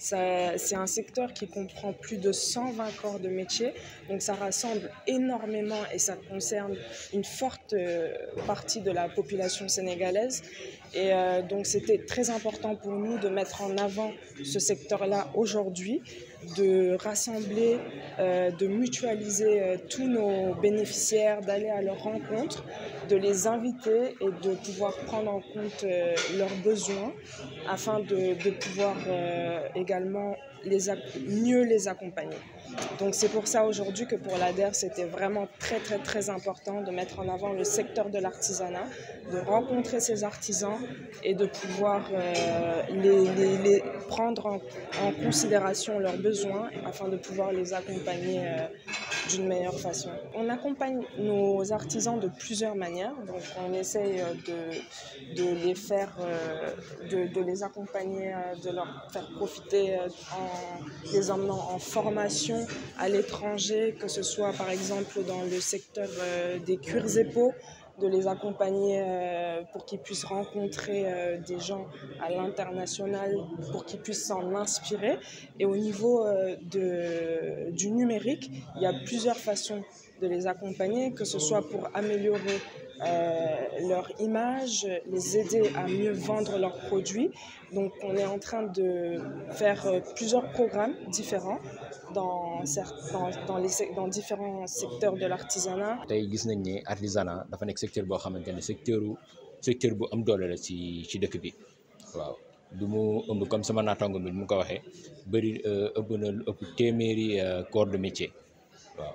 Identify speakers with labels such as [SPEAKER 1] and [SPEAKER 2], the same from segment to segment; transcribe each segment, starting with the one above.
[SPEAKER 1] C'est un secteur qui comprend plus de 120 corps de métier, donc ça rassemble énormément et ça concerne une forte euh, partie de la population sénégalaise. Et euh, donc c'était très important pour nous de mettre en avant ce secteur-là aujourd'hui de rassembler, euh, de mutualiser euh, tous nos bénéficiaires, d'aller à leur rencontre, de les inviter et de pouvoir prendre en compte euh, leurs besoins afin de, de pouvoir également les mieux les accompagner. Donc c'est pour ça aujourd'hui que pour l'ADER, c'était vraiment très très très important de mettre en avant le secteur de l'artisanat, de rencontrer ces artisans et de pouvoir euh, les, prendre en, considération leurs besoins afin de pouvoir les accompagner euh, d'une meilleure façon. On accompagne nos artisans de plusieurs manières, donc on essaye euh, de, les faire, de, de, les accompagner, de leur faire profiter en les emmenant en formation à l'étranger, que ce soit par exemple dans le secteur euh, des cuirs et peaux, de les accompagner euh, pour qu'ils puissent rencontrer euh, des gens à l'international, pour qu'ils puissent s'en inspirer. Et au niveau du numérique, il y a plusieurs façons de les accompagner, que ce soit pour améliorer euh, leur image, les aider à mieux vendre leurs produits. Donc on est en train de faire euh, plusieurs programmes différents dans, dans, dans, les, dans différents secteurs de l'artisanat.
[SPEAKER 2] tey gis nañ ne artisanat dafa nekk secteur boo xamante ne secteuru secteur bu am doole la ci ci dëkk bi waaw du mu ëmb comme sama naataango bi ni mu ko waxee bëri euh, ëpp na ëpp téeméeri euh, corps de métier waaw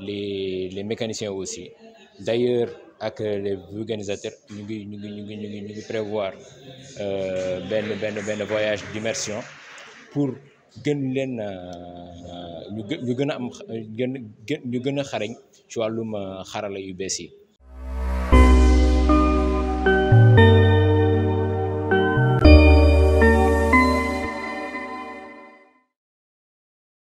[SPEAKER 2] les, les mécaniciens aussi. D'ailleurs, avec les organisateurs ñu ngi ñu ngi ñu ngi ñu ñu ngi euh, voyage d'immersion pour gën leen ñu gën ñu gën am ñu ci euh, xarala yu